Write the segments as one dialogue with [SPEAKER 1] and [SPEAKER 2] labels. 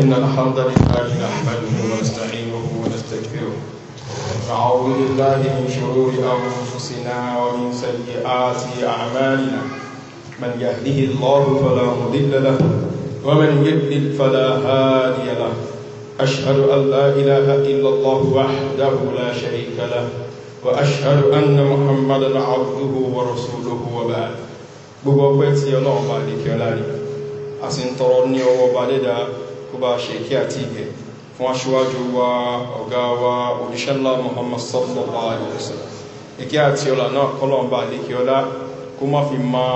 [SPEAKER 1] إن الحمد لله نحمده ونستعينه ونستغفره نعوذ بالله من شرور أنفسنا ومن سيئات أعمالنا من يهده الله فلا مضل له ومن يضلل فلا هادي له أشهد أن لا إله إلا الله وحده لا شريك له وأشهد أن محمدا عبده ورسوله وبعد gbogbo بيتي يا Ọlọ́run bá lè kí kó bá ṣe kí àti ìgẹ̀ fún aṣíwájú wa ọ̀gá wa oníṣẹ́lá muhammad sallallahu alaihi wasallam ìkẹ́ àti ọlá náà kọ́lọ̀mbà lékẹ́ ọlá kó má fi ma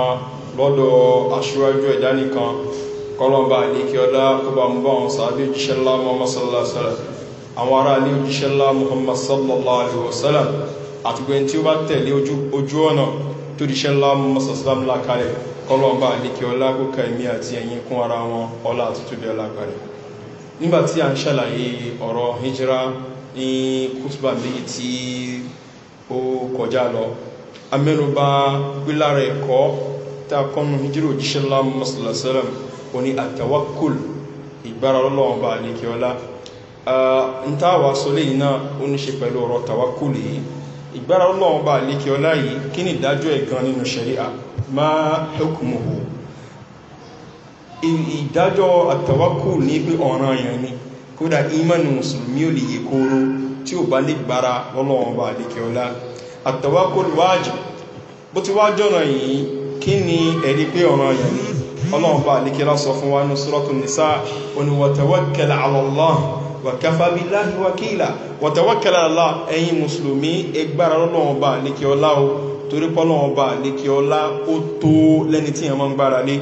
[SPEAKER 1] lọ́dọ̀ aṣíwájú ẹ̀dá nìkan kọ́lọ̀mbà lékẹ́ ọlá kó bá mú bá wọn sàábí òjíṣẹ́lá muhammad kọlọ́ọ̀bá àdíkẹ́ ọlá kókà ẹ̀mí àti ẹ̀yìn kún ara wọn ọlá àtútù bí ọlá gbàrẹ̀ nígbàtí a ń ṣàlàyé ọ̀rọ̀ hijira ní kútùbà méjì tí ó kọjá lọ amẹ́nubá pílára ẹ̀kọ́ tá a kọ́nu hijira òjíṣẹ́ ńlá mọ́sálásẹ́lẹ̀m oní àtàwákùl ìgbára ọlọ́ọ̀bá àdíkẹ́ ọlá ń táwà náà ó ní ṣe pẹ̀lú ọ̀rọ̀ tàwákùl yìí ìgbára ọlọ́run bá lékè ọlá yìí kí ni ìdájọ́ ẹ̀gan nínú ṣẹ̀ríà máa ẹkùnmùhù ìdájọ́ àtàwákù ní pé ọ̀ràn èèyàn ni kódà ìmánu mùsùlùmí ò lè yè kóró tí ò bá lè gbára ọlọ́run bá lékè ọlá àtàwákù wájì bó ti wájọ́ ọ̀ràn yìí kí ni ẹ̀rí pé ọ̀ràn èèyàn ni ọlọ́run bá lékè ọlá sọ fún wa ní sọ́rọ́tún nìsá oníwọ̀tẹ̀wọ́kẹ̀lẹ̀ àlọ́lọ́run wa kafa billahi wakila wa tawakkal ala Allah ẹ̀yin mùsùlùmí ẹgbára lọ́lọ́wọ́n bá lékè ọlá o torí pọ́lọ́wọ́n bá lékè ọlá ó tó lẹ́ni tí ẹ̀mọ́ ń gbára lé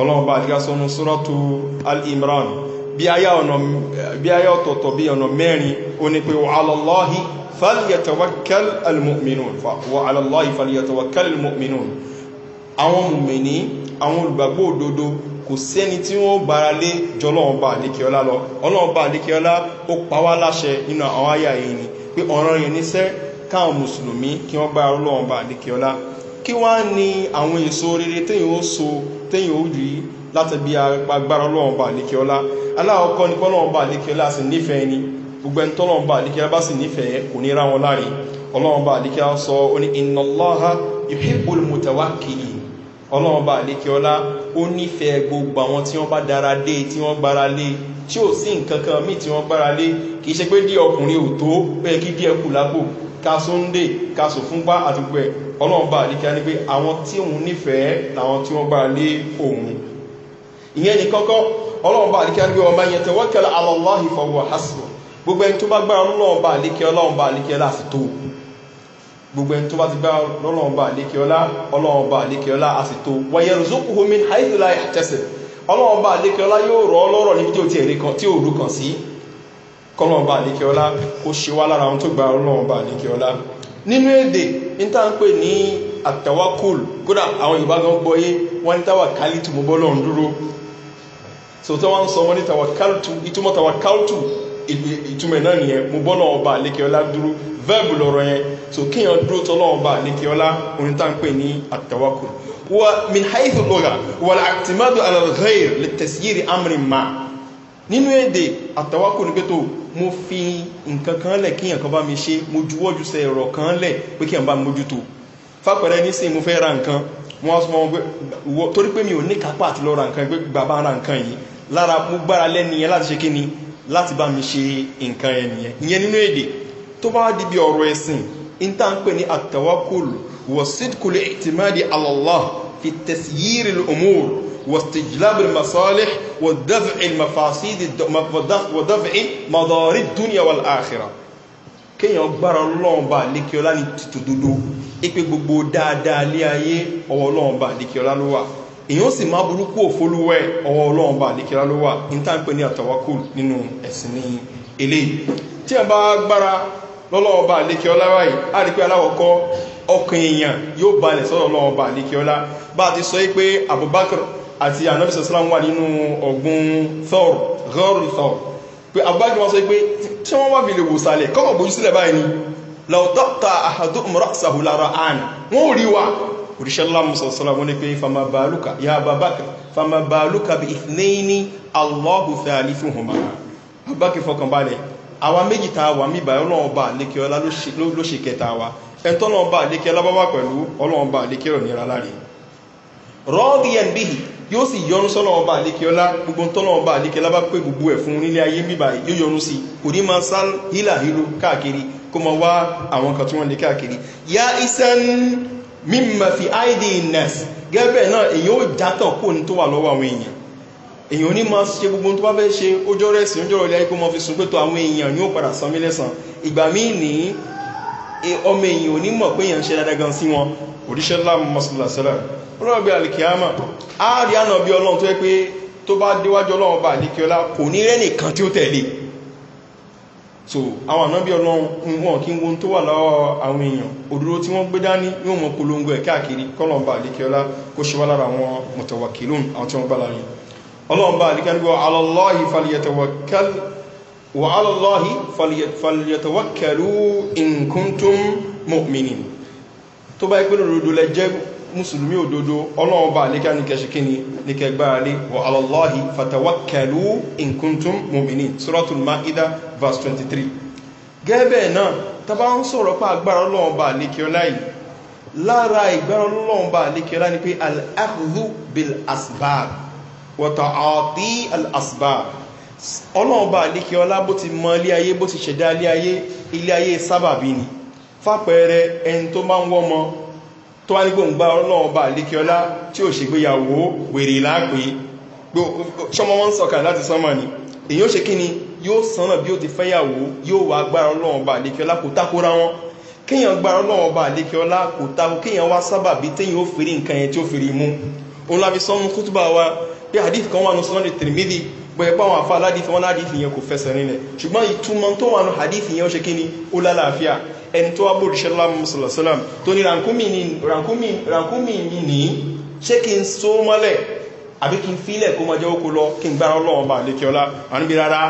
[SPEAKER 1] ọlọ́wọ́n bá lékè sọ́nu al-imran bí ayá ọ̀tọ̀ọ̀tọ̀ bí ọ̀nà mẹ́rin ó ní pé wa ala kò sẹ́ni tí wọ́n gbára lé jọlọ́ọ̀bà àdékẹ́ọ́lá lọ ọlọ́ọ̀bà àdékẹ́ọ́lá ó pa láṣẹ nínú àwọn àyà yìí ni pé ọ̀ràn yẹn níṣẹ́ káwọn mùsùlùmí kí wọ́n gbára ọlọ́ọ̀bà àdékẹ́ọ́lá kí wá ní àwọn èso rere téyìn ó so téyìn ó rí láti bí agbára ọlọ́ọ̀bà àdékẹ́ọ́lá aláwọ̀kọ́ ni pọ́lọ́ọ̀bà àdékẹ́ọ́lá sì nífẹ̀ẹ́ ni gbogbo ẹni tọ́lọ́ọ̀bà àdékẹ́ọ́lá bá ó nífẹ̀ẹ́ gbogbo àwọn tí wọ́n bá dára lé tí wọ́n gbára lé tí ò sí nǹkan kan míì tí wọ́n gbára lé kì í ṣe pé díẹ̀ ọkùnrin ò tó bẹ́ẹ̀ kí díẹ̀ kù lápò ká sóńdè ká sò fúnpá àdúgbò ẹ̀ ọlọ́run bá àdíkà ní pé àwọn tí òun nífẹ̀ẹ́ làwọn tí wọ́n gbára lé òun ìyẹn ní kọ́kọ́ ọlọ́run bá àdíkà ní pé ọmọ yẹn tẹ̀wọ́ kẹlẹ́ alọ́láhìfọwọ́ àṣìwọ̀ gbogbo ẹni tó bá gbára ọlọ́run bá àdíkà ọlọ́run bá àdíkà láti tó gbogbo ẹni tó bá ti gbá lọ́lọ́ọ̀bá àlékeọlá ọlọ́ọ̀bá àlékeọlá a sì tó wáyẹ̀rù zókùhó àtẹ́sẹ̀ ọlọ́ọ̀bá yóò rọ ọlọ́rọ̀ níbi tí ó ti ẹ̀rí kan tí ó kan sí kọlọ́ọ̀bá àlékeọlá ó ṣe wá lára àwọn tó gba ọlọ́ọ̀bá nínú èdè pè ní kódà àwọn yorùbá gan yé ní kálítù dúró ìtumẹ̀ náà nìyẹn mo bọ́ náà ọba àlékeọlá dúró vẹ́ẹ̀bù lọ́rọ̀ yẹn so kíyàn dúró tọ́lọ́ ọba àlékeọlá orin tá ń pè ní àtàwákù wa min haifu lora wà láàtìmádù alàlghair lè tẹ̀síyèrè amrin ma nínú èdè àtàwákù ní pẹ́tò mo fi nǹkan kan lẹ̀ kíyàn kan bá mi ṣe mo juwọ́jú sẹ ẹ̀rọ kan lẹ̀ pé kíyàn bá mójútó fápẹ̀rẹ̀ nísìn mo fẹ́ ra nǹkan wọ́n sọ wọn torí pé mi ò ní kápá àti lọ ra nǹkan gbé bàbá ra nǹkan yìí lára mo gbára lẹ́ni yẹn láti ṣe kí ni láti bá mi ṣe nǹkan ẹnìyẹn ìyẹn nínú èdè tó bá di bí ọ̀rọ̀ ẹ̀sìn in tá ń pè ní àtàwákùlù wọ̀sídkùlù ìtìmáàdì alọ́lá fi tẹ̀síyìrì l'omúr wọ̀stíjìlábì masọ́lẹ̀ wọ̀dáfì mafasídì wọ̀dáfì madọ́rí dúnìyà wà láàkìrà kéèyàn gbára lọ́ọ̀bà lékiọlá ní tìtòdodo ipe gbogbo dáadáa lé ayé ọwọ́ lọ́ọ̀bà lékiọlá ló wà èyí ó sì má burúkú òfolúwẹ́ ọwọ́ ọlọ́run bá àdékẹ́lá ló wà ní táǹpẹ́ ní àtàwákù nínú ẹ̀sìn ní eléyìí tí a bá gbára lọ́lọ́run bá àdékẹ́lá wáyé á rí pé aláwọ̀kọ́ ọkàn èèyàn yóò balẹ̀ sọ́dọ̀ ọlọ́run bá àdékẹ́lá bá ti sọ pé abubakar àti anabi sọ̀sọ́lá wà nínú ọ̀gbun thor gọ́ọ̀rù thor pé abubakar wọn sọ pé tí wọ́n wá fi lè wò sálẹ̀ kọ́kọ̀ bójú sílẹ̀ báyìí ni lọ́tọ́ta àhàdó mọ́rọ́sàhùlára òdíṣẹ́lá musasala wọn ni pé fama baaluka ya babaka fama baaluka bi ìtìlẹ́yìní allahu fẹ́àlì fún ọmọ abáki fọkànbalẹ̀ àwa méjì ta wà mí báyọ̀ ọlọ́run bá lékè ọlá ló ṣe kẹta wa ẹ̀tọ́ náà bá lékè ọlábábá pẹ̀lú ọlọ́run bá lékè láre rọ́ọ̀dìyàn bíi yóò sì yọnu sọ́lọ́run bá ọlá gbogbo tọ́lọ́run bá lékè pé gbogbo ẹ̀ fún nílé ayé bíbá yóò yọnu sí kò ní máa sá hílàhílo káàkiri kó máa wá àwọn kan tí wọ́n lè káàkiri yá isan mímọ̀ fi àìdí nẹ́s gẹ́gẹ́ náà èyí ó játàn kó ní tó wà lọ́wọ́ àwọn èèyàn èyí ò ní máa ṣe gbogbo tó bá fẹ́ ṣe ójọ́ rẹ̀ sí ójọ́ rẹ̀ kó mọ́ fi sùn pẹ́tọ̀ àwọn èèyàn ní ó padà san mílẹ̀ san ìgbà míì ní e, ọmọ èèyàn ò ní mọ̀ so àwọn ànábí ọlọ́run wọn kí wọ́n tó wà láwọ́ àwọn èèyàn òdúró tí wọ́n gbé dání yóò mọ polongo ẹ̀ káàkiri kọlọ̀mbà àlékẹ́ọ́lá kó ṣe wá lára àwọn mọ̀tọ̀wàkìlún àwọn tí wọ́n bá láyìn ọlọ́mbà àlékẹ́ọ́lá alọ́lọ́hì faliyatawakẹ́lú nkuntum mọ̀mìnì tó bá ẹgbẹ́ musulmi òdodo ọlọ́run bá níkà ní kẹṣíkí ni ní kẹgbára lé wà alọ́láhì fatawakẹlú inkuntum momini suratul ma'ida verse 23 gẹ́ẹ̀bẹ̀ náà tàbá ń sọ̀rọ̀ pa agbára ọlọ́run bá níkà láì lára ìgbára ọlọ́run bá níkà láì ni pé al-akhdu bil asbab wata ọ̀tí al-asbab ọlọ́run bá níkà ọlá bó ti mọ tó wá ní pé ń gba tí ò ṣègbéyàwó wèrè láàpé ṣọmọ wọn ń láti sánmà ni èyí ó ṣe kí ni yóò sánà bí ó ti fẹ́yàwó yóò wá gbára ọlọ́run bá lékiọlá kò tákórá wọn kéèyàn gbára ọlọ́run bá lékiọlá kò tákó kéèyàn wá sábà bí téèyàn ó fèrè nǹkan yẹn tí ó fèrè mú òun láfi sọ́nu kútùbà wa pé àdìf kan wà ní sọ́nà tìrìmídì bẹ́ẹ̀ bá wọn àfa aládìf wọn aládìf yẹn kò fẹsẹ̀ rinlẹ̀ ṣùgbọ́n ìtumọ̀ tó wà ní àdìf yẹn ó ṣe kí ni ó lálàáfíà ẹni tó wá bó òjíṣẹ́ lọ́mùsùlọ́sọ́lá tó ní rànkúmì mi ní ṣé kí n so mọ́lẹ̀ àbí kí n fílẹ̀ kó máa jẹ́ ókú lọ kí n gbára ọlọ́run bá àlékiọlá àníbi rárá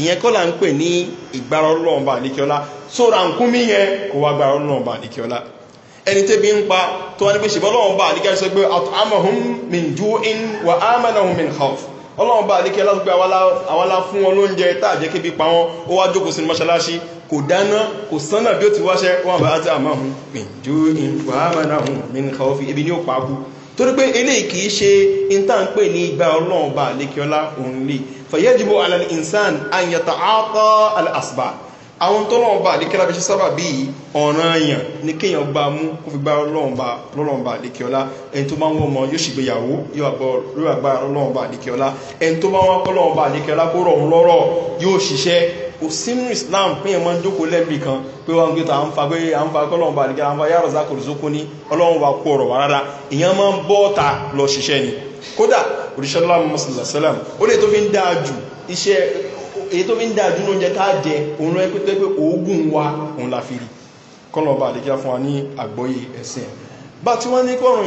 [SPEAKER 1] ìyẹn kọ́ là ń pè ní ìgbára ọlọ́run bá àlékiọlá so rànkúmì yẹn kó wá gbára ọlọ́run bá àlékiọlá ẹni tẹ́bi ń pa tó wá ní pé ṣèbọ́ ọlọ́run bá sọ pé àmọ̀hún mi ju in wà á mi hàf ọlọ́run bá àlékiọlá sọ pé àwa la fún wọn lóúnjẹ tá àjẹkẹ́bí pa wọn ó wá jókòó sí mọ́ṣáláṣí kò dáná kò sánà bí ó ti wáṣẹ́ wọ́n bá tí a máa hun pìnjú ìwàhámanà hun min kọfí ibi ní ó pàápù torí pé eléyìí kìí ṣe ìtànpè ní ìgbà ọlọ́run bá lékiọlá òun lè fàyẹ́jìbò alẹ́ ìsàn àyàtà àtọ́ alàsbà àwọn tó lọ́wọ́ bá lékiọlá fi ṣe sábà bí ọ̀ràn èèyàn ní kéèyàn gbá mú kó fi gbá ọlọ́run bá lékiọlá ẹni tó bá wọ́n mọ yóò ṣègbéyàwó yóò àgbá ọlọ́run bá lékiọlá ẹni tó bá wọ́n kọ́ ọlọ́run bá lékiọlá kó rọ̀ lọ́rọ̀ yóò ṣiṣẹ́ kò sínú islam pé èèyàn máa ń jókòó lẹ́bì kan pé wọ́n ń gbé ta à ń fa pé à ń fa kọ́lọ́n bá àdìgá à ń fa yàrá zákòrò zókó ní ọlọ́run wa kú ọ̀rọ̀ wa rárá èèyàn máa ń bọ́ ta lọ ṣiṣẹ́ ni kódà òrìṣẹ́lá mọ́sálà sálàm ó lè tó fi ń dáa jù iṣẹ́ èyí tó fi ń dáa jù ní oúnjẹ tá a jẹ òun lọ pé pé oògùn wa òun la fi rí kọ́lọ́n bá àdìgá fún wa ní àgbọ́yé ẹ̀sìn bá tí wọ́n ní kọ́rùn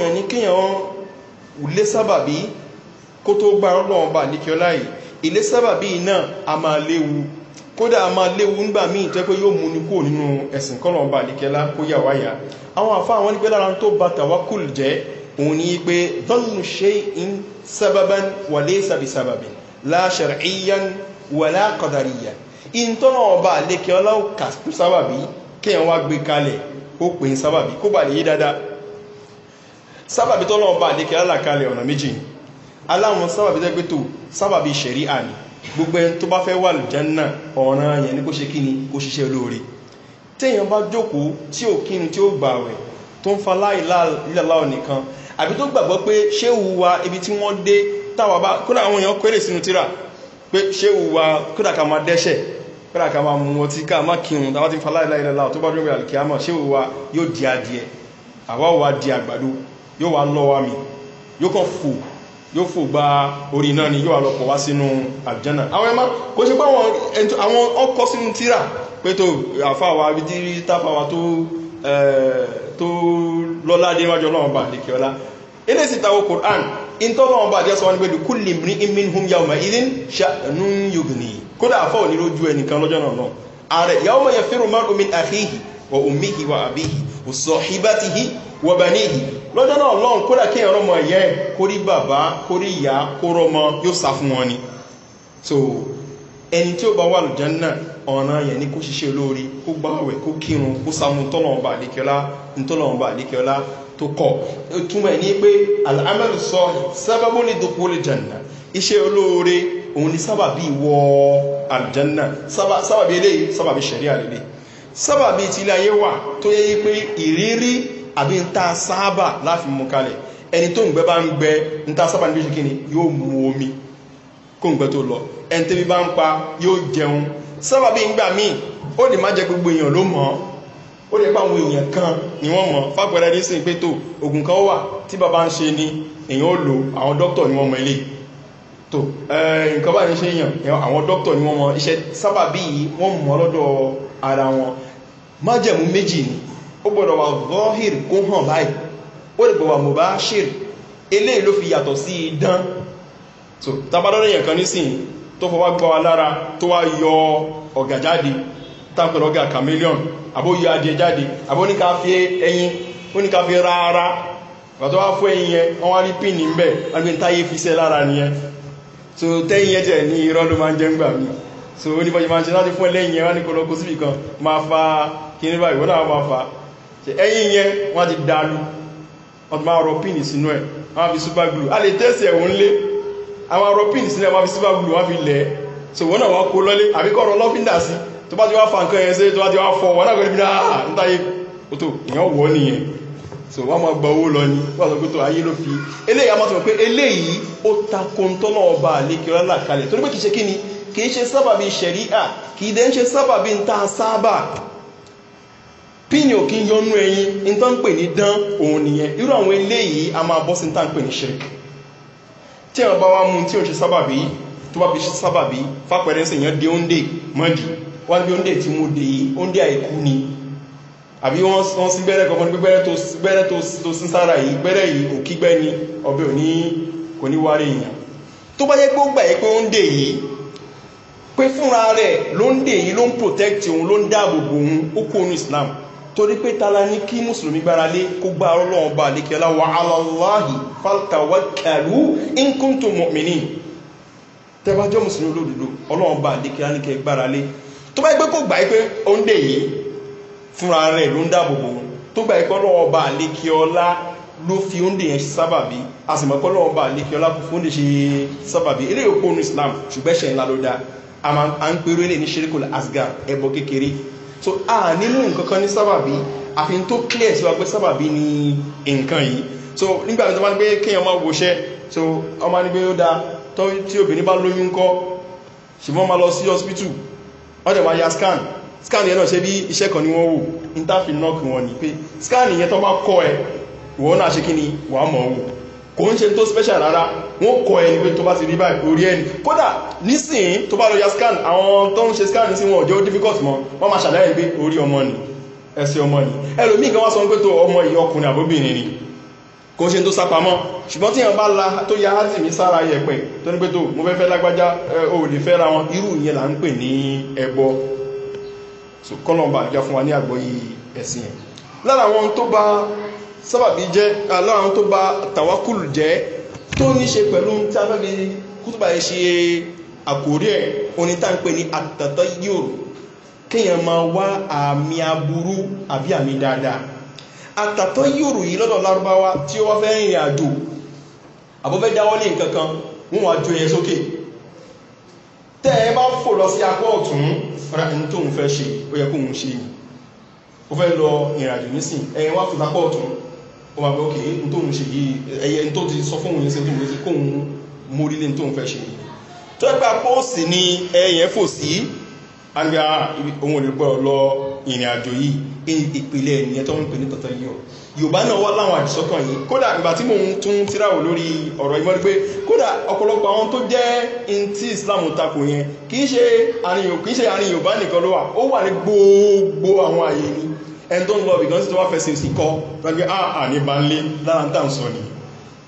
[SPEAKER 1] yẹn sábàbí kó a máa léwu kódà ma léwu nígbà míì tó pé yóò mú ní kúrò nínú ẹ̀sìn kọ́nà ọba àdìkẹ́lá kó yà wáyà àwọn àfa àwọn nígbẹ́ lára tó ba tàwákùl jẹ́ òun ni pé dọ́nù ṣe ń sábàbán wà lé sàbí sàbàbí láṣẹ̀rẹ̀ ìyàn wà lákọ̀dàríyà ìtọ́nà ọba àdìkẹ́lá kà kú sábàbí kéèyàn wá gbé kalẹ̀ ó pè ń sábàbí kó bà yé dáadáa sábàbí tọ́nà ọba àdìkẹ́lá kalẹ̀ ọ̀nà méjì aláwọn sábàbí tẹ́gbẹ́tò sábàbí ṣẹ̀rí àná gbogbo ẹni tó bá fẹ́ wà lùjánà ọ̀ràn yẹn ní kó ṣe kíni kó ṣiṣẹ́ olóore téèyàn bá jókòó tí ò kíni tí ó gbà wẹ̀ tó ń fa láìláìláìláò nìkan àbí tó gbàgbọ́ pé ṣéwù wa ibi tí wọ́n dé táwa bá kódà àwọn èèyàn kéré sínú tíra pé ṣéwù wa kódà ká máa dẹ́ṣẹ̀ kódà ká máa mú ọtí ká máa kírun táwa ti ń fa láìláìláìláò tó bá dúró yóò fò gba orí náà ni yóò alọ́pọ̀ wá sínú àjánà àwọn ẹmá kò ṣe pé àwọn ọkọ̀ sínú tíra pé tó àfáwà abidiri táfàwà tó lọ́lá dé wájú ọlọ́run bá àdékẹ́ ọlá ilé sì tàwọn quran ìtọ́lọ́ ọba àti ẹsọ́ wọn ni pé dùkú lè ní imin hum yà ọmọ ilé ṣàánú yògùnì kódà àfọ́ òní lójú ẹnìkan lọ́jọ́ náà náà ààrẹ yà ọmọ yẹn fẹ́ràn mọ́ omi àhíhì wọ omi hì wà àbíhì òsọ̀ hibatihi wọ banihi lọ́jọ́ náà lọ́n kódà kí ẹ̀rọ ọmọ ẹ̀yẹ́ kórí bàbá kórí ìyá kóró ọmọ yóò sá fún wọn ni so ẹni tí ó bá wà lùjẹ́ náà ọ̀nà yẹn ni kó ṣiṣẹ́ olórí kó gbáwẹ̀ kó kírun kó sámú tọ́lọ̀ọ̀bà àdékẹ́ọ́lá tọ́lọ̀ọ̀bà àdékẹ́ọ́lá tó kọ̀ túmọ̀ ní pé alamẹ́lù sọ sábàbó ní dòpò lè jẹ̀nà iṣẹ́ olóore òun ni sábàbí wọ àlùjẹ́nà sábàbí eléyìí sábàbí ṣẹ̀rí àlélẹ́ sábàbí tí ilé ayé wà tó yẹ pé ìrírí àbí ń ta sábà láfi mú kalẹ̀ ẹni tó ń gbẹ bá ń gbẹ ń ta sábà níbi ìṣèkíni yóò mu omi kó ń gbẹ tó lọ ẹni tẹ́bí bá ń pa yóò jẹun sábà bí ń míì ó lè má jẹ gbogbo èèyàn ló mọ̀ ó lè pa àwọn èèyàn kan ni wọ́n mọ̀ fàpẹ́rẹ́ ní sìn pé tó oògùn kan wà tí bàbá ń ṣe ni èèyàn ó lò àwọn dókítà ni wọ́n mọ̀ eléyìí tó eh, nǹkan bá ní ṣe èèyàn àwọn dókítà ni wọ́n mọ̀ iṣẹ́ sábà bí yìí wọ́n mọ̀ lọ́dọ̀ ara wọn májẹ̀mú méjì ni ó gbọ́dọ̀ wà zọ́hìr kó hàn báyìí ó lè gbọ́wà mubashir eléyìí ló fi yàtọ̀ sí idán so tabadọ́rẹ̀ yẹn kan nísìn tó fọwá gbọ́ wa lára tó wá yọ ọ̀gà jáde tápẹ̀lú ọ̀gà chameleon àbó yọ adìẹ jáde àbó ní ká fi ẹyin ó ní ká fi rárá gbàtọ́ wá fún ẹyin yẹn wọ́n wá rí pin ní bẹ́ẹ̀ alùpùpù táyé fi sẹ́ lára nìyẹn so tẹ́yìn yẹn tẹ̀ ní irọ́ ló máa ń jẹ́ ń gbà mí so oníbàjẹ́ máa ń ṣe láti fún ẹlẹ́yìn yẹn wá ní kọlọ́kọ síbì kan máa fa kí ní báyìí náà máa fa ẹ̀yìn yẹn wọn ti dàlú wọ́n ti máa rọ mafi sínú ẹ̀ wọ́n fi super glue a lè tẹ́sí ẹ̀wọ̀n lé àwọn sínú fi fi so wọ́n náà wọ́n kó lọ́lé àbíkọ́ ọ̀rọ̀ lọ́fíńdà sí tó bá ti wá fa nǹkan yẹn tó bá ti wá fọ wọn náà bí ah, náà so máa gba owó lọ ni sọ pé tó ayé ló fi eléyìí a máa sọ pé ó ta kóńtọ́nà ọba ọlá torí pé kì í ṣe kí ni kì píìnì ò kí ń yọnú ẹyin ní tó ń pè ní dán òun nìyẹn irú àwọn eléyìí a máa bọ́ sí ní tá ń pè ní ṣirk tí àwọn bá wá mú tí ò ń ṣe sábàbí tó bá fi ṣe sábàbí fápẹ̀rẹ́ sí èèyàn dé oúnjẹ mọ́dì wọ́n bí oúnjẹ tí mo dé oúnjẹ àìkú ni àbí wọ́n sí bẹ́rẹ̀ kọ̀ọ̀kan pé bẹ́rẹ̀ tó sí sára yìí bẹ́rẹ̀ yìí ò kígbẹ́ ni ọbẹ̀ òní kò ní wárí èèyàn tó bá yẹ pé ó gbà yẹ pé oúnjẹ fúnra rẹ̀ ló ń dè yìí ló ń protect òun ló ń dáàbò bò òun ó kó òun islam torí pé tala ní kí mùsùlùmí gbára lé kó gbá ọlọ́run bá lè kẹla wà aláwọ̀láhì fàtàwàkàlú ìkúntò mọ̀mìnì tẹbàjọ́ mùsùlùmí olódodo ọlọ́run bá lè kẹla ní kẹ gbára lé tó bá yẹ pé kò gbà pé ó ń dè yìí fúnra rẹ̀ ló ń dáàbòbò tó gbà pé ọlọ́run bá lè kẹ ọlá ló fi ó ń dè yẹn sábàbí a bá lè kẹ ọlá fún ó sábàbí eléyìí ó islam ṣùgbẹ́ṣẹ̀ ńlá ló dáa a máa ń pèrò eléyìí ní ṣerékòlá asgar ẹ̀bọ kékeré so a nínú nǹkan kan ní sábàbí àfihàn tó clear sí wa pé sábàbí ni nǹkan yìí so nígbà tó bá ń gbé kéèyàn máa wòṣẹ́ so ọmọ ní pé ó da tí obìnrin bá lóyún kọ́ ṣùgbọ́n máa lọ sí hospital wọ́n dẹ̀ scan scan yẹn náà ṣe bí iṣẹ́ kan ni wọ́n wò interfinoc wọn ni pé scan yẹn tó bá kọ́ ẹ ìwọ náà ṣe kí ni wàá mọ̀ ọ́ wò kò ń ṣe tó special rárá wọ́n kọ ẹni pé tó bá ti rí báyìí orí ẹni kódà nísìnyí tó bá lọ ya scan àwọn tó ń ṣe scan sí wọn ò jẹ́ ó difficult mọ́ wọ́n máa ṣàlàyé pé orí ọmọ ni ẹsẹ̀ ọmọ ni ẹlòmíì kan wá sọ pé tó ọmọ yìí ọkùnrin àbóbìnrin ni kò ṣe tó sápamọ́ ṣùgbọ́n tí yàn bá la tó ya hátìmí sára yẹ̀pẹ̀ tó ní pé tó mo fẹ́ fẹ́ lágbájá o lè fẹ́ ra wọn irú ìyẹn là ń pè ní ẹbọ kọ́lọ̀mbà jẹ́ fún wa ní àgbọ́yé ẹ̀sìn lára wọn tó bá sábàbí jẹ́ aláwọn tó bá tàwákùlù jẹ́ tó ní ṣe pẹ̀lú tí a fẹ́ fi kútùbà yìí ṣe àkórí ẹ̀ oní tá ń pè ní àtàtà yóò kéèyàn máa wá àmì aburú àbí àmì dáadáa àtàtà yóò yìí lọ́dọ̀ lárúbáwá tí ó wá fẹ́ rìnrìn àjò àbúfẹ́ dáwọ́lé nǹkan kan wọ́n wá ju yẹn sókè tẹ́ ẹ bá fò lọ sí apá ọ̀tún ra ẹni tó ń fẹ́ ṣe ó yẹ kó ń ṣe ó fẹ́ lọ ìrìnàjò nísìn ẹ̀yìn wá fò lápá ọ̀tún ó máa gbé òkè ní tóun ṣe yìí ẹyẹ tó ti sọ fóun yìí sí tóun ṣe kóun mórílé tóun fẹ́ ṣe yìí tó ẹ pa póòsì ni ẹyẹ fò sí àgbà ohun èlò gbọ́dọ̀ lọ ìrìn àjò yìí ìpìlẹ̀ ènìyàn tó ń pè ní tọ̀tọ̀ yìí o yorùbá náà wá láwọn àdìsọ́kàn yìí kódà ìgbà tí mò ń tún tíráwò lórí ọ̀rọ̀ ìmọ̀rí pé kódà ọ̀pọ̀lọpọ̀ àwọn tó jẹ́ ntí islam takò yẹn kì í ṣe àárín yorùbá nìkan ló wà ó wà ní gbogbo àwọn àyè ni ẹni tó ń lọ ìgbọ́n sí tó wá fẹsẹ̀ sí kọ́ tàbí àà ní bá ń lé lára ń tàn sọ ni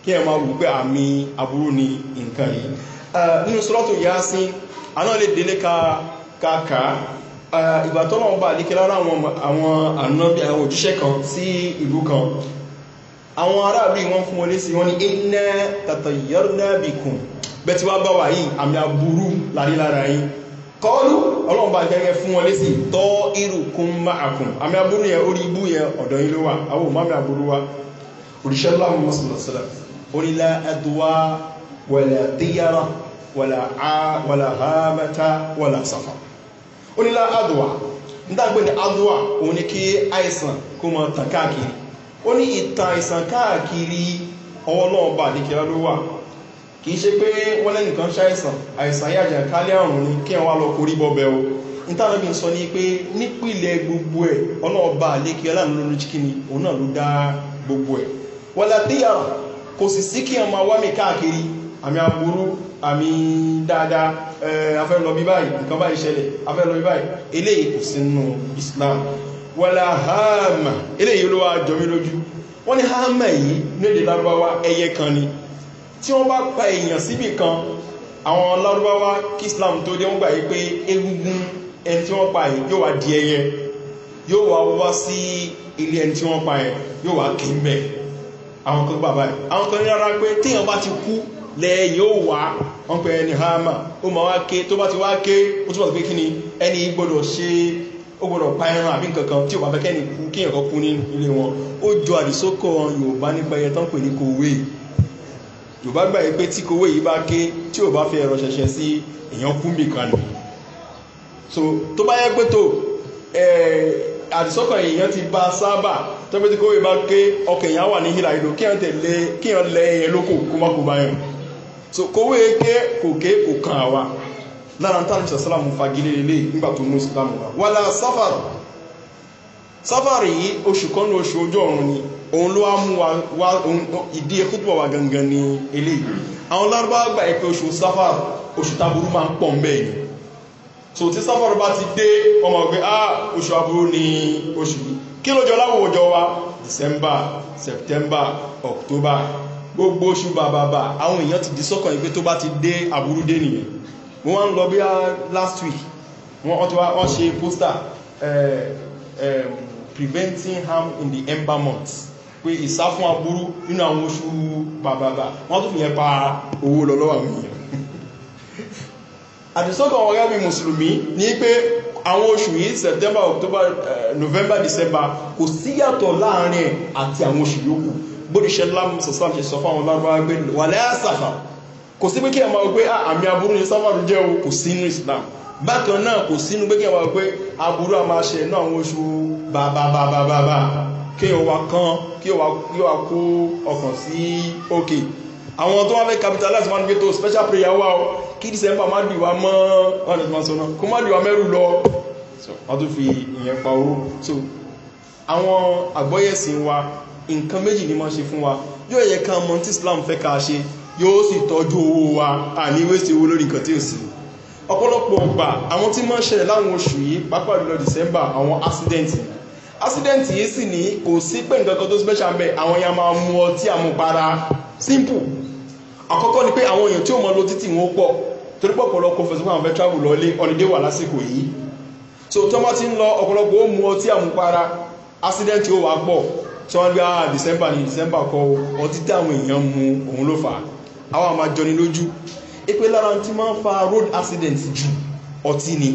[SPEAKER 1] kí ẹ máa wù pé àmì aburú ni nǹkan yìí eh, nínú sọ́lọ́tò Yasin aná lè délé kàkà eh, ìgbà tó náà bá àdíkẹ́ lára àwọn ànábì àwọn òjíṣẹ́ kan sí ìlú kan àwọn aráàlú wọn fún wọlé sí wọn ni iná tàtàyọ́rọ́nà bìkún bẹ́ẹ̀ tí wá bá wà yìí àmì aburú lárí lára yìí kọlu ọlọ́run bá gẹ́gẹ́ fún wọn lésì tọ́ ìrùkún máa àkùn àmì aburú yẹn orí ibú yẹn ọ̀dọ̀ yìí ló wà àwọn aburú wa òrìṣẹ́ láwọn mọ́sánlọ́sílẹ̀ onílá ẹ̀dùwà wàlẹ̀ díyàrá wàlẹ̀ àmẹ́ta wàlẹ̀ àsàfà onílá ẹ̀dùwà ndágbé ní adùwà òun ni kí àìsàn kó mọ tàn káàkiri kìí ṣe pé wọ́n lẹ́nìkan ṣàìsàn àìsàn yà jà kálẹ̀ àrùn ni kí wọ́n lọ korí bọ́bẹ̀ o nítorí bí n sọ ni pé nípìnlẹ̀ gbogbo ẹ̀ ọlọ́ọ̀ba àlékí ọlọ́run ló lójú kíni òun náà ló dá gbogbo ẹ̀ wọ́n la dé yàrá kò sì sí kí ọmọ wá mi káàkiri àmì aburú àmì dáadáa ẹ afẹ́ lọ bí báyìí nǹkan báyìí ṣẹlẹ̀ afẹ́ bí báyìí eléyìí kò sí nínú islam wọ́n la hàmà eléyìí ló wá wọ́n ní hàmà yìí nílẹ̀ lárúbáwá ẹyẹ kan ni tí wọ́n bá pa èèyàn síbì kan àwọn lárúbáwá kí islam tó dé wọ́n gbà yí pé egungun ẹni tí wọ́n pa yìí yóò wá di ẹyẹ yóò wá wá sí ilé ẹni tí wọ́n pa yẹn yóò wá kí n bẹ̀ àwọn kan gbà báyìí àwọn kan ní rárá pé téèyàn bá ti kú lẹ́yìn ó wá wọ́n pẹ̀ ẹni hama ó ma wá ké tó bá ti wá ké ó túnbọ̀ pé kí ni ẹni gbọ́dọ̀ ṣe ó gbọ́dọ̀ pa ẹran àbí nkankan tí ò fẹ́ kẹ́ni kú kí ẹ̀kọ́ kú ní ilé wọn ó jọ àdìsókò yorùbá nípa ẹyẹ tán pè ní kòwéè yorùbá gbà yìí pé tí kowó yìí bá ké tí o bá fi ẹrọ ṣẹṣẹ sí èèyàn kú so tó bá yẹ pé tó àdìsọ́kàn èèyàn ti bá sábà tó pé tí kowó yìí bá ké ọkọ̀ èèyàn wà ní hílà ìlú kí èèyàn lẹ ẹyẹ lóko kó so kowó yìí ké kò ké kò kàn á wa lára ń tàbí sàlámù fagilé lélẹ̀ nígbà tó mú ìsìlámù wa wàlá sáfàrì sáfàrì yìí oṣù ni òun ló wá mú wa ìdí ẹkútùwà wa gangan ní ilé àwọn lárúbá gba ẹ̀pẹ́ oṣù sáfàr oṣù taburú máa ń pọ̀ ń bẹ́ẹ̀ ni so tí sáfàr bá ti dé ọmọ pé á oṣù aburú ní oṣù kí lójọ láwùjọ wa december september october gbogbo oṣù bàbàbà àwọn èèyàn ti di sọ́kàn ìpé tó bá ti dé aburú dé nìyẹn mo wá ń lọ bí last week wọ́n ti wá wọ́n ṣe poster eh, eh, preventing harm in the ember months pé ìsáfún aburú nínú àwọn oṣù bàbàbà wọ́n tó fi yẹn pa owó lọ lọ́wọ́ àwọn èèyàn àdìsọ́dọ̀ àwọn ọ̀rẹ́ mi mùsùlùmí ní pé àwọn oṣù yìí september october eh, november december kò síyàtọ̀ láàrin àti àwọn oṣù yòókù bóríṣẹ́ lámù sọ̀sán ṣe sọ fún àwọn lárúbáwá gbé wà lẹ́yà sàfà kò sí pé kí ẹ máa gbé ah, àmì aburú ní sáfàrú jẹ́ o kò sí inú islam bákan náà kò sínú pé kí ẹ máa gbé aburú àmàṣẹ náà àwọn oṣù bàbàbàbàbà kí o wá kán kí o wá kó ọkàn sí òkè àwọn tó wá fẹ́ capitalize máa ń gbé tó special prayer wá o kí december má dìwà mọ́ ọ̀nà ìgbà sọ̀nà kó má dìwà mẹ́rù lọ wọ́n tó fi ìyẹn pa owó so àwọn àgbọ́yẹ̀sìn wa nǹkan méjì ni wọ́n ṣe fún wa yóò yẹ ká mọ tí islam fẹ́ ká ṣe yóò sì tọ́jú owó wa àní wéṣẹ̀ owó lórí nǹkan tí ò sí ọ̀pọ̀lọpọ̀ ọgbà àwọn tí máa ń ṣẹlẹ̀ láwọn oṣù yìí pápá jùlọ december àwọn accident accident yìí sì ní kò sí pé nǹkan kan tó special bẹ́ẹ̀ àwọn yẹn máa mu ọtí àmupara simple àkọ́kọ́ ni pé àwọn èèyàn tí ò mọ lo títì wọn pọ̀ torí pọ̀ ọ̀pọ̀lọpọ̀ fẹ̀sùn fún àwọn fẹ́ travel lọ lé holiday wà lásìkò yìí so tí wọ́n bá ti ń lọ ọ̀pọ̀lọpọ̀ ó mu ọtí àmupara accident yóò wá pọ̀ tí wọ́n gbé ah december ní december kọ ọtí tí àwọn èèyàn mu òun ló fà á àwọn àmà jọni lójú ipe lára tí máa ń fa road accident ju ọtí ni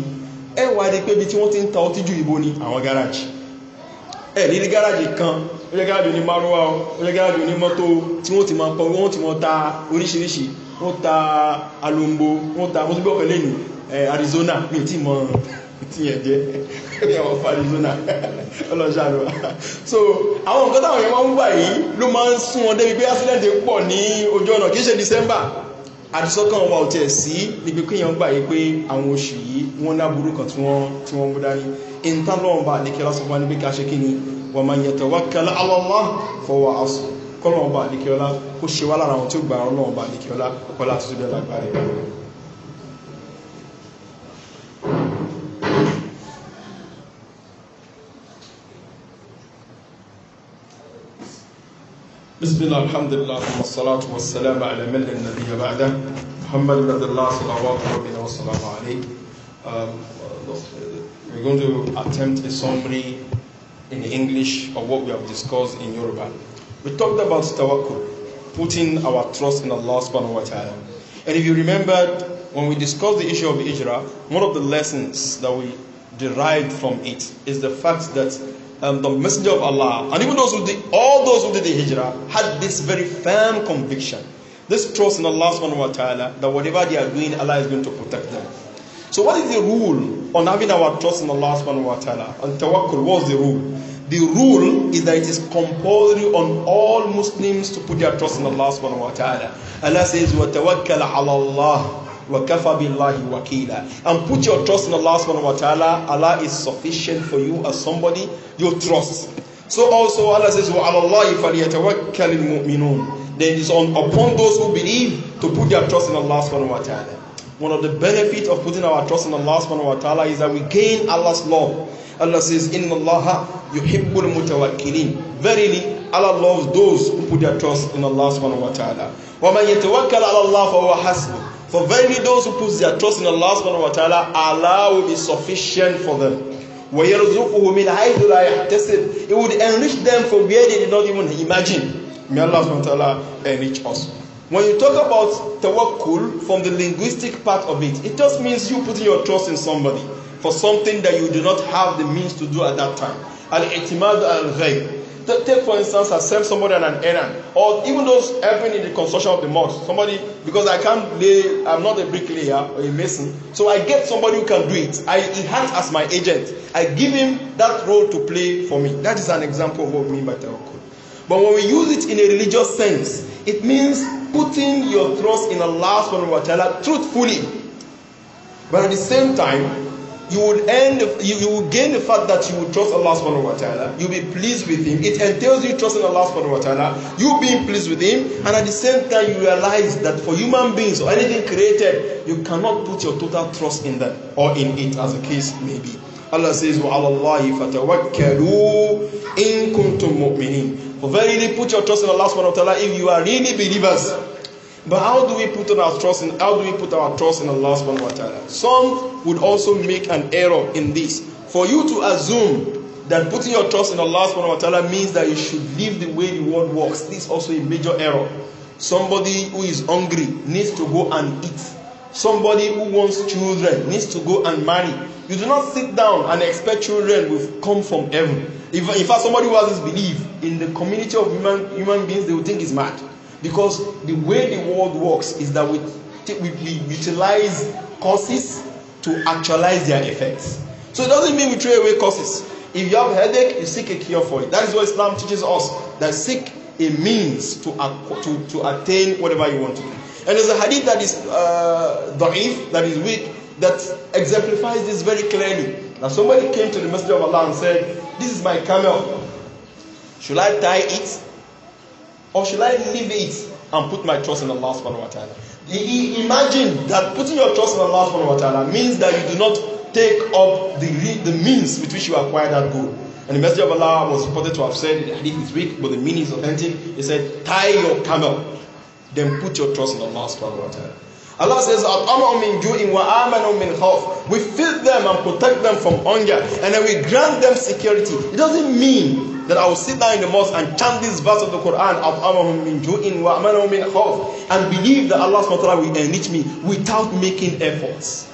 [SPEAKER 1] ẹ wá rí i pé ibi tí wọ́n ti ń ta ọtí ju ìbò ni àwọn garage ẹ̀ ní ní gáràjì kan ó jẹ́ gáràjì ní márúwá ó jẹ́ gáràjì ní mọ́tò tí wọ́n ti máa pọ̀ wọ́n ti máa ta oríṣiríṣi wọ́n ta alombo wọ́n ta mọ́tò gbọ́kọ̀ lẹ́nu Arizona mi ò tí mọ tíyẹn jẹ́ ẹ̀wọ̀n fún Arizona ọlọ́ṣàlù so àwọn nǹkan táwọn èèyàn máa ń gbà yìí ló máa ń sún wọn débi pé accident pọ̀ ní ojú ọ̀nà kì í ṣe December àdìsọ́kàn wa ò tẹ̀ sí níbi kéèyàn gbà yìí pé àwọn oṣù yìí wọ́n láburú kan tí wọ́n mú dání ìntàn lọ́wọ́n bá àdékẹ́lá sọ fún níbi ká ṣe kí ni wọ́n máa yẹ tawakkal ala Allah fọwọ́ asọ kọ́lọ́wọ́n bá àdékẹ́lá kó ṣe wá lára àwọn tí ó gbà ọlọ́wọ́n bá àdékẹ́lá ọlá tuntun bẹ́ẹ̀ lágbàáyé بسم الله الحمد لله والصلاة والسلام على من لا نبي بعده محمد بن عبد الله صلوات ربنا وسلامه عليه We're going to attempt a summary in English of what we have discussed in Yoruba. We talked about tawakkul, putting our trust in Allah subhanahu wa ta'ala. And if you remembered, when we discussed the issue of Hijrah, one of the lessons that we derived from it is the fact that um, the Messenger of Allah, and even those who did, all those who did the Hijrah, had this very firm conviction, this trust in Allah subhanahu wa ta'ala, that whatever they are doing, Allah is going to protect them. So, what is the rule on having our trust in Allah subhanahu wa ta'ala. And tawakkul, was the rule? The rule is that it is compulsory on all Muslims to put their trust in Allah subhanahu wa ta'ala. Allah says, وَتَوَكَّلْ عَلَى اللَّهِ وَكَفَى بِاللَّهِ وَكِيلًا And put your trust in Allah subhanahu wa ta'ala. Allah is sufficient for you as somebody you trust. So also Allah says, Wa Allah اللَّهِ فَلْيَتَوَكَّلِ Mu'minun. Then it's on, upon those who believe to put their trust in Allah subhanahu wa ta'ala. One of the benefits of putting our trust in Allah subhanahu wa ta'ala is that we gain Allah's love. Allah says, Inna Allah yuhibbul mutawakkilin. Verily, Allah loves those who put their trust in Allah subhanahu wa ta'ala. وَمَنْ يَتَوَكَّلْ عَلَى اللَّهِ فَهُوَ For verily those who put their trust in Allah subhanahu wa ta'ala, Allah will be sufficient for them. وَيَرْزُقُهُ مِنْ حَيْثُ لَا يَحْتَسِبُ It would enrich them from where they did not even imagine. May Allah subhanahu wa ta'ala enrich us. When you talk about tawakul from the linguistic part of it, it just means you putting your trust in somebody for something that you do not have the means to do at that time. Al-i'timad al-ghayb. Take for instance, I send somebody on an errand, or even those helping in the construction of the mosque. Somebody, because I can't lay, I'm not a bricklayer or a mason, so I get somebody who can do it. I enhance as my agent. I give him that role to play for me. That is an example of what we mean by tawakul. But when we use it in a religious sense, It means putting your trust in Allah subhanahu wa ta'ala truthfully. But at the same time, you would end you, you will gain the fact that you will trust Allah subhanahu wa ta'ala. You'll be pleased with him. It entails you trusting Allah subhanahu wa ta'ala, you being pleased with him, and at the same time you realize that for human beings or anything created, you cannot put your total trust in them or in it as the case may be. Allah says, وَعَلَى اللَّهِ فَتَوَكَّلُوا إِن كُنْتُم مُؤْمِنِينَ Verily, put your trust in Allah subhanahu wa ta'ala if you are really believers. But how do we put our trust in how do we put our trust in Allah subhanahu wa ta'ala? Some would also make an error in this. For you to assume that putting your trust in Allah subhanahu wa ta'ala means that you should live the way the world works. This is also a major error. Somebody who is hungry needs to go and eat somebody who wants children needs to go and marry you do not sit down and expect children will come from heaven if in fact somebody who has this belief in the community of human human beings they will think is mad because the way the world works is that we we, we utilize causes to actualize their effects so it doesn't mean we throw away causes if you have headache you seek a cure for it that is what islam teaches us that seek a means to to to attain whatever you want to do. And there's a hadith that is uh, da'if, that is weak, that exemplifies this very clearly. Now somebody came to the Messenger of Allah and said, this is my camel. Should I tie it? Or should I leave it and put my trust in Allah subhanahu wa ta'ala? Imagine that putting your trust in Allah subhanahu wa ta'ala means that you do not take up the, the means with which you acquire that goal. And the Messenger of Allah was reported to have said, the hadith is weak, but the meaning is authentic. He said, tie your camel. then put your trust in Allah subhanahu wa ta'ala. Allah says, min wa min khawf. We feed them and protect them from hunger and then we grant them security. It doesn't mean that I will sit down in the mosque and chant this verse of the Quran, At'amahum min ju'in wa amanu min khawf, and believe that Allah subhanahu wa ta'ala will enrich me without making efforts.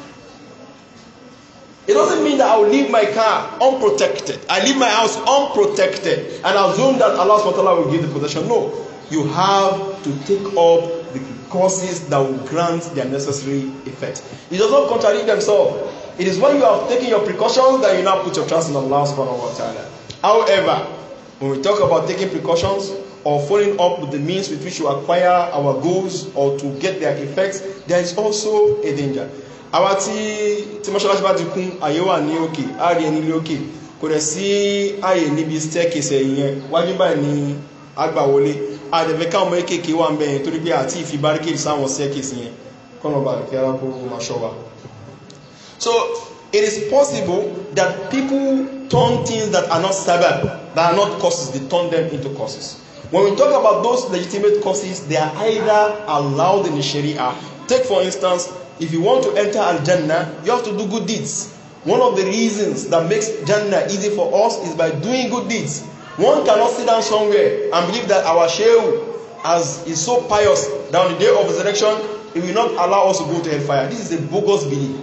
[SPEAKER 1] It doesn't mean that I will leave my car unprotected. I leave my house unprotected and assume that Allah subhanahu wa ta'ala will give the protection. No. you have to take up the courses that will grant their necessary effect. It does not contradict themselves. It is when you have taken your precautions that you now put your trust in Allah subhanahu wa ta'ala. However, when we talk about taking precautions or following up with the means with which you acquire our goals or to get their effects, there is also a danger. Àwa tí tí mọ́ṣáláṣí bá ti kún àyè wà ní kò dẹ̀ sí àyè níbi staircase ẹ̀yìn yẹn, wájú báyìí ni àgbà àdẹ̀fẹ́ káwọn ọmọ kéèkéé wà ń bẹ̀yẹn torí pé àti ìfi barricade sáwọn staircase yẹn kọ́nà kí ara kó máa ṣọ́ so it is possible that people turn things that are not sabab that are not causes they turn them into causes when we talk about those legitimate causes they are either allowed in the sharia take for instance if you want to enter al-jannah you have to do good deeds one of the reasons that makes jannah easy for us is by doing good deeds One cannot sit down somewhere and believe that our Shehu as is so pious that on the day of resurrection he will not allow us to go to hellfire. This is a bogus belief.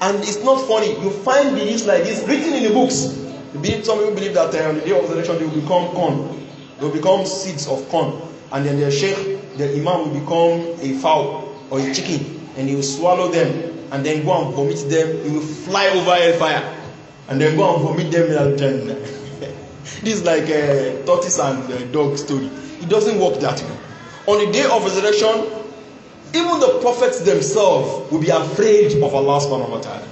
[SPEAKER 1] And it's not funny. You find beliefs like this written in the books. You believe, some people believe that uh, on the day of resurrection they will become corn. They will become seeds of corn. And then the sheikh, the imam will become a fowl or a chicken. And he will swallow them and then go and vomit them. He will fly over hellfire. And then go and vomit them in Al-Jannah. this is like a tortoise and uh, dog story it doesn't work that way on the day of resurrection even the prophets themselves will be afraid of allah subhanahu wa ta'ala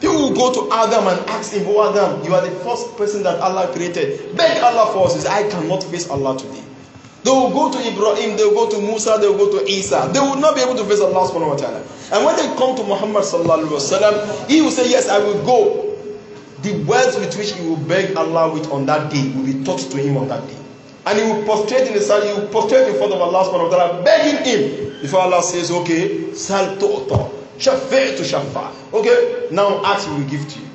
[SPEAKER 1] people will go to adam and ask him oh adam you are the first person that allah created beg allah for us he says, i cannot face allah today they will go to ibrahim they will go to musa they will go to isa they will not be able to face allah subhanahu wa ta'ala and when they come to muhammad sallallahu alaihi wasallam he will say yes i will go the words with which he will beg Allah with on that day will be taught to him on that day. And he will prostrate in the sand, he will prostrate in front of Allah subhanahu wa ta'ala, begging him before Allah says, Okay, sal to'ta, shafi' to shafa. Okay, now ask, he will give to you.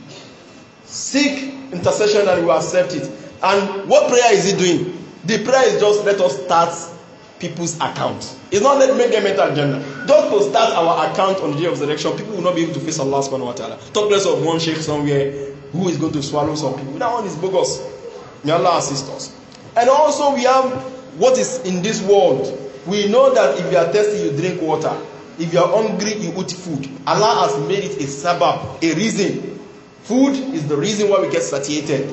[SPEAKER 1] Seek intercession and he will accept it. And what prayer is he doing? The prayer is just let us start people's account. It's not let make them enter agenda. Just to start our account on the day of resurrection, people will not be able to face Allah subhanahu wa ta'ala. Talk less of one sheikh somewhere who is going to swallow some people that one is bogus may allah assist us and also we have what is in this world we know that if you are thirsty you drink water if you are hungry you eat food allah has made it a sabab a reason food is the reason why we get satiated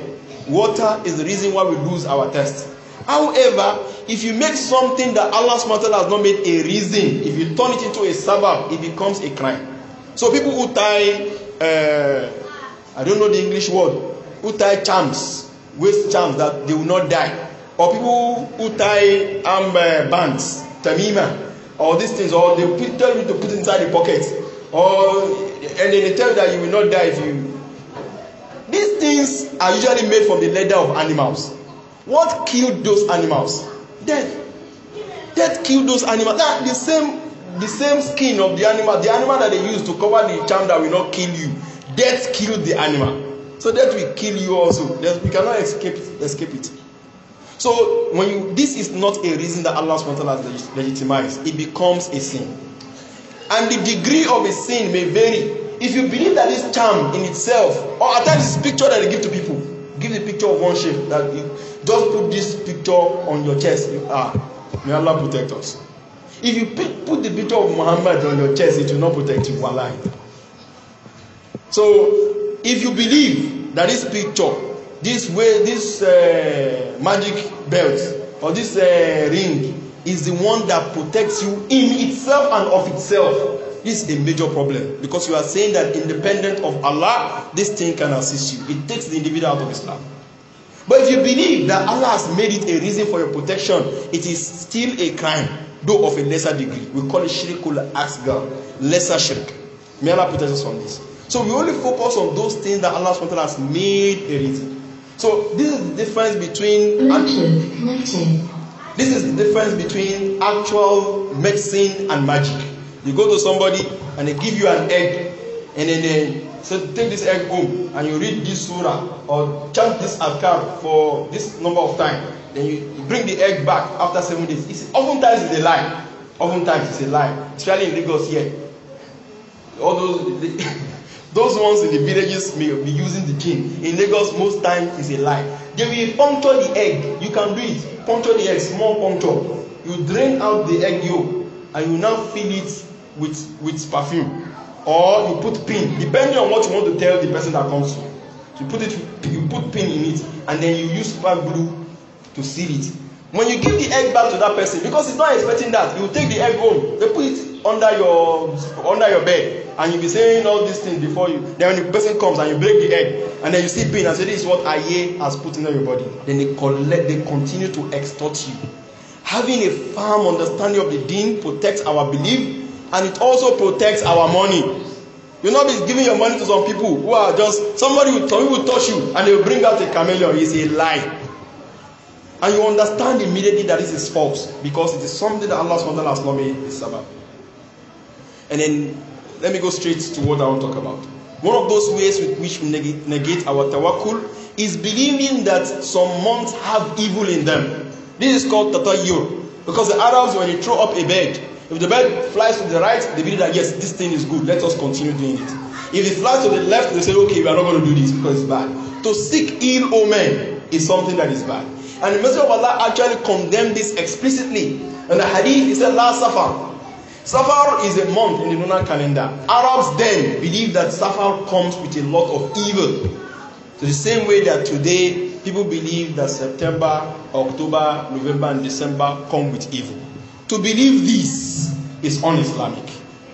[SPEAKER 1] water is the reason why we lose our thirst however if you make something that allah smarter has not made a reason if you turn it into a sabab it becomes a crime so people who tie uh, I don't know the English word who tie charms waist charms that they will not die or people who tie arm uh, bands tamima or these things or they put, tell you to put inside the pocket or and then they tell you that you will not die if you these things are usually made from the leather of animals what killed those animals death death killed those animals that the same the same skin of the animal the animal that they use to cover the charm that will not kill you death killed the animal. So death will kill you also. Death, you cannot escape it, escape it. So when you this is not a reason that Allah SWT has legitimized. It becomes a sin. And the degree of a sin may vary. If you believe that this charm in itself, or at times this picture that they give to people, give the picture of one shape that you just put this picture on your chest. You are. Ah, may Allah protect us. If you put the picture of Muhammad on your chest, it will not protect you. Wallahi. So if you believe that this picture, this way, this uh, magic belt or this uh, ring is the one that protects you in itself and of itself, this is a major problem because you are saying that independent of Allah, this thing can assist you. It takes the individual out of Islam. But if you believe that Allah has made it a reason for your protection, it is still a crime, though of a lesser degree. We call it shirkul asgar, lesser shirk. May Allah protect us from this. So we only focus on those things that Allah SWT has made a reason. So this is the difference between this is the difference between actual medicine and magic. You go to somebody and they give you an egg and then they say take this egg home and you read this surah or chant this adkar for this number of times. Then you, you bring the egg back after seven days. It's oftentimes it's a lie. Oftentimes it's a lie, especially in Lagos here. All those. The, Those ones in the villages may be using the gin. In Lagos, most time is a lie. They will puncture the egg. You can do it. Puncture the egg, small puncture. You drain out the egg yolk and you now fill it with with perfume or you put pin depending on what you want to tell the person that comes to you put it you put pin in it and then you use super glue to seal it when you give the egg back to that person because he's not expecting that you take the egg home they put it under your under your bed and you be saying all these things before you then when the person comes and you break the egg and then you see pain and say this is what aye has put in your body then they collect they continue to extort you having a firm understanding of the deen protects our belief and it also protects our money you no be giving your money to some people who are just somebody will some people touch you and they will bring out a chameleon it's a lie and you understand immediately that this is false because it is something that allah subhanahu wa taala has not made this sabbath and then Let me go straight to what I want to talk about. One of those ways with which we negate our tawakkul is believing that some months have evil in them. This is called tatayyur. Because the Arabs, when they throw up a bed, if the bed flies to the right, they believe that yes, this thing is good, let us continue doing it. If it flies to the left, they say, okay, we are not going to do this because it's bad. To seek ill omen is something that is bad. And the Messenger of Allah actually condemned this explicitly. And the hadith, he said, La Safar, Safar is a month in the lunar calendar. Arabs then believe that Safar comes with a lot of evil. So the same way that today people believe that September, October, November, and December come with evil. To believe this is un-Islamic.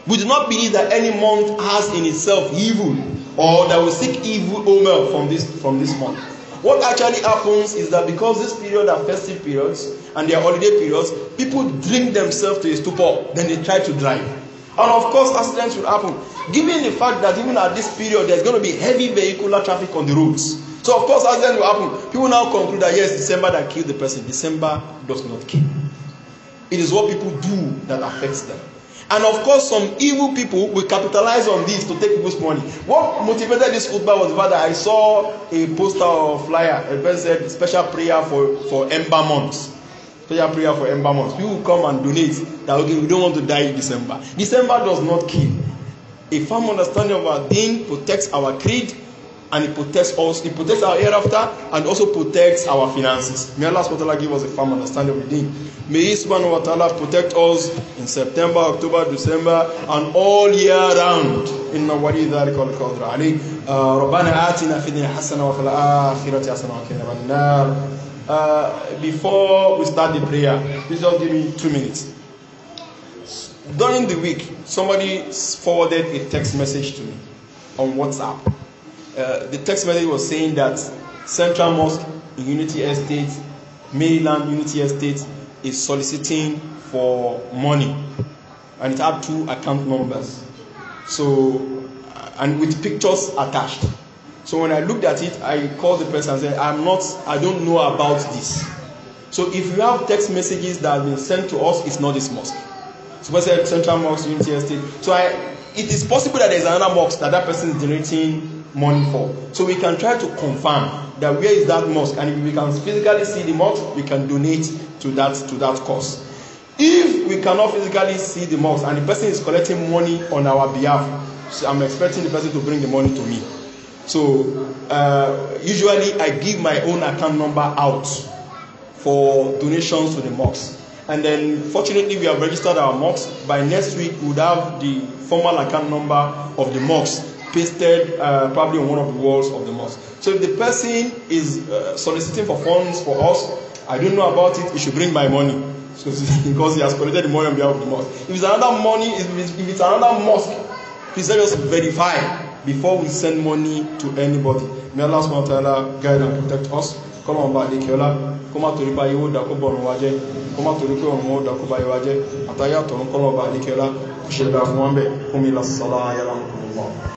[SPEAKER 1] We do not believe that any month has in itself evil or that we seek evil omen from this from this month. What actually happens is that because this period are festive periods, and their holiday periods people drink themselves to a stupor then they try to drive and of course accidents will happen given the fact that even at this period there is going to be heavy vehicular traffic on the roads so of course accidents will happen people now conclude that yes december that kill the person december does not kill it is what people do that affects them and of course some evil people will capitalize on this to take people's money what motivated this football was the fact that i saw a poster or flyer a person said special prayer for for ember months special prayer for ember month people come and donate that okay we don't want to die in december december does not kill a firm understanding of our being protects our creed and it protects us it protects our hereafter and also protects our finances may allah subhanahu wa ta'ala give us a firm understanding of the deen may he subhanahu wa ta'ala protect us in september october december and all year round in wali dhalika wal qadra alayh ربنا آتنا في الدنيا حسنة وفي الآخرة حسنة وقنا النار Uh, before we start the prayer, please just give me two minutes. During the week, somebody forwarded a text message to me on WhatsApp. Uh, the text message was saying that Central Mosque in Unity Estate, Maryland Unity Estate, is soliciting for money and it had two account numbers. So, and with pictures attached. So when I looked at it, I called the person and said, I'm not, I don't know about this. So if you have text messages that have been sent to us, it's not this mosque. So said Central Mosque, Unity Estate. So I, it is possible that there's another mosque that that person is generating money for. So we can try to confirm that where is that mosque, and if we can physically see the mosque, we can donate to that to that cause. If we cannot physically see the mosque and the person is collecting money on our behalf, so I'm expecting the person to bring the money to me. So uh, usually I give my own account number out for donations to the mosque. And then fortunately we have registered our mosque. By next week we would have the formal account number of the mosque pasted uh, probably on one of the walls of the mosque. So if the person is uh, soliciting for funds for us, I don't know about it, he should bring my money. So, because he has collected the money on behalf of the mosque. If it's another money, if it's, if it's another mosque, please let us verify before we send money to anybody may allah subhanahu wa ta'ala guide and protect us kọ́lọ̀ ọba àdékẹ́ọ́lá kó má torí báyìí ó dákó bọ̀rùn wa jẹ́ kó má torí pé ọ̀run ó dákó báyìí wa jẹ́ àtàyàtọ̀ ń kọ́lọ̀ ọba àdékẹ́ọ́lá kò ṣe dá fún wọn bẹ́ẹ̀ kó mi lọ sọ́lá ayára